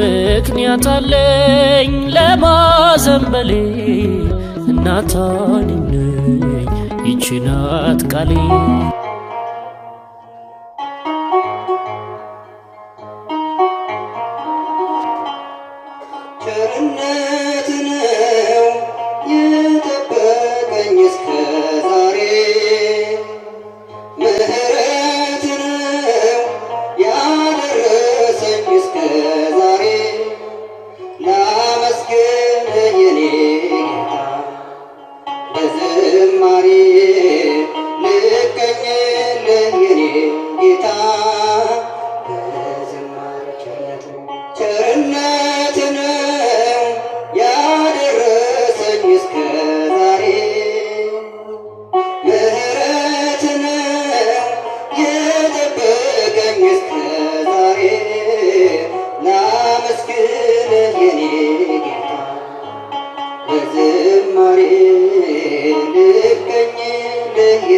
ምክንያት አለኝ ለማዘንበሌ እናታኒነኝ ይችናት ቃሌ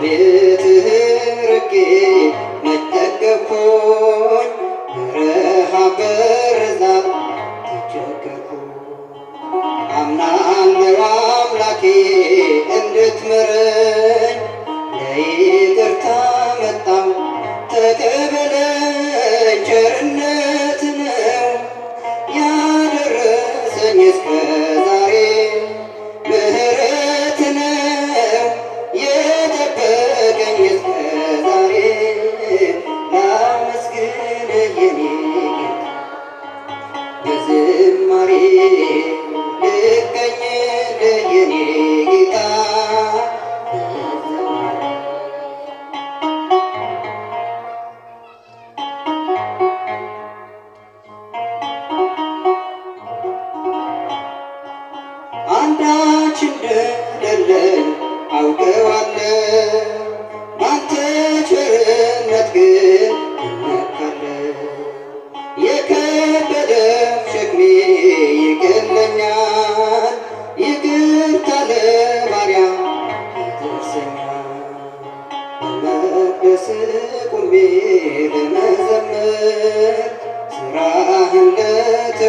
ከቤትህ ርቄ ተቸገርኩኝ፣ በረሃብ በረዛ ተቸገርኩ አምናለሁ አምላኬ yeah, yeah, yeah.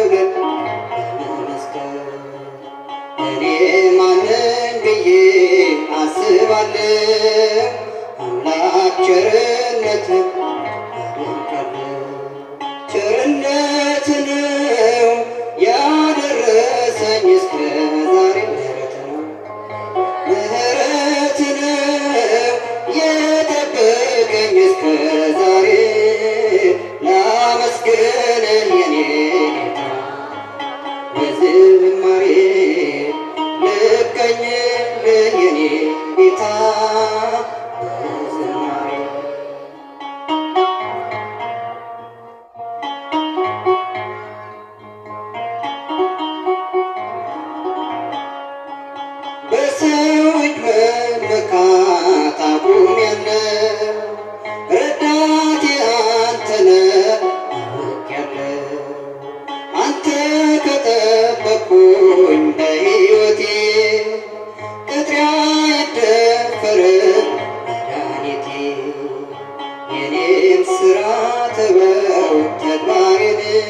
you get የዝማሬ ልቀኝ ለየኔ ጌታ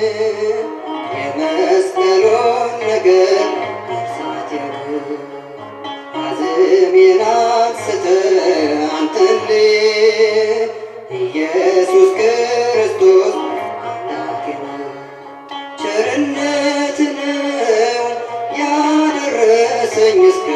የመስቀሉን ነገር መርሳት አዘሜን አንስተ አንተን ኢየሱስ ክርስቶስ አምላኬ ቸርነት ነው ያደረሰኝ እስከ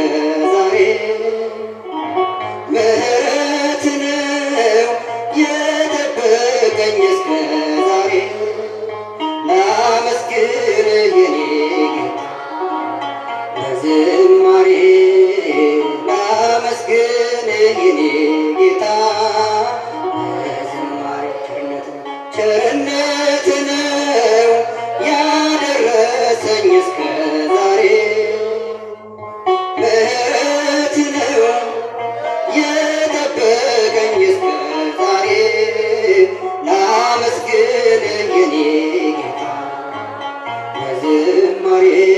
ምህረት ነው የጠበቀኝ እስከ ዛሬ ላመስግን የኔ ጌታ በዝማሬ